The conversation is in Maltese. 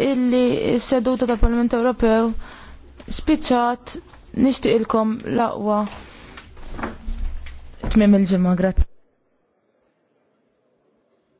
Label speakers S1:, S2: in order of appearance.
S1: illi s-seduta tal-Parlament Ewropew spiċċat nixtieqilkom l-aqwa
S2: tmiem il-ġimgħa. Grazzi.